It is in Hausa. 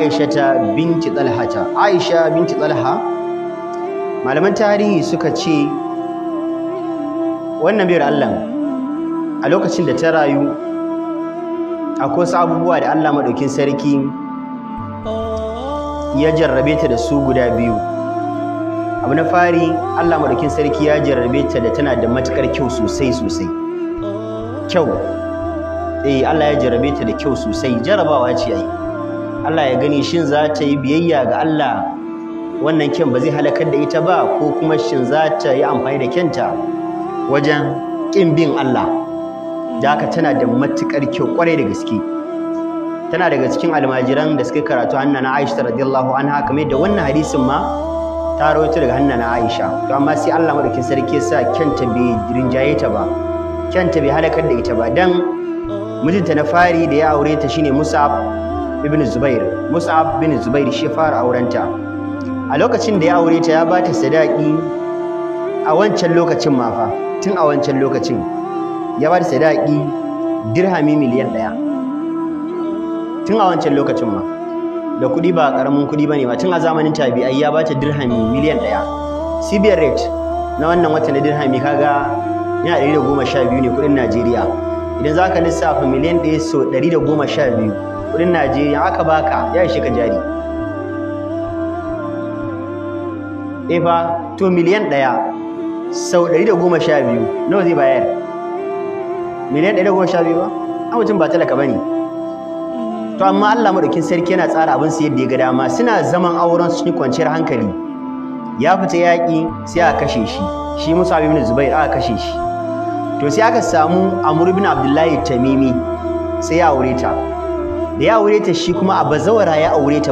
Aisha binti Talha Aisha binti Talha malaman tarihi suka ce wannan biyar Allah a lokacin da ta rayu akwai wasu abubuwa da Allah maɗaukin sarki ya jarrabe ta da su guda biyu abu na fari Allah maɗaukin sarki ya jarrabe ta da tana da matuƙar kyau sosai sosai kyau eh Allah ya jarrabe ta da kyau sosai jarrabawa ce ai Allah ya gani shin za ta yi biyayya ga Allah wannan kyan ba zai halakar da ita ba ko kuma shin za ta yi amfani da kyanta wajen ƙin bin Allah da haka tana da matuƙar kyau ƙwarai da gaske tana daga cikin almajiran da suka karatu hannana Aisha radiyallahu anha kamar da wannan hadisin ma ta rawaito daga hannana Aisha to amma sai Allah madaukin sarki sa kyanta bai rinjaye ta ba kyanta bai halakar da ita ba dan mijinta na fari da ya aure ta shine Musa. ibn Zubair Mus'ab bin Zubair shi fara aurenta a lokacin da ya aure ta ya bata sadaki a wancan lokacin ma fa tun a wancan lokacin ya bata sadaki dirhami miliyan 1 tun a wancan lokacin ma da kuɗi ba ƙaramin kuɗi ba ne ba tun a zamanin tabi'ai ya bata dirhami miliyan 1 cbn rate na wannan wata na dirhami kaga yana ɗari da goma sha biyu ne kuɗin najeriya idan za ka lissafa miliyan ɗaya so ɗari da goma sha biyu kudin Najeriya aka baka ya ishe ka jari eh fa to miliyan ɗaya sau ɗari da goma sha biyu nawa zai bayar miliyan ɗari da goma sha biyu ba An mutum ba talaka ba ne to amma Allah maɗaukin sarki yana tsara abin su yadda ya ga dama suna zaman auren su ne kwanciyar hankali ya fita yaƙi sai aka kashe shi shi Musa ibn Zubair aka kashe shi to sai aka samu Amr ibn Abdullahi Tamimi sai ya aure ta da ya aure ta shi kuma a bazawara ya aure ta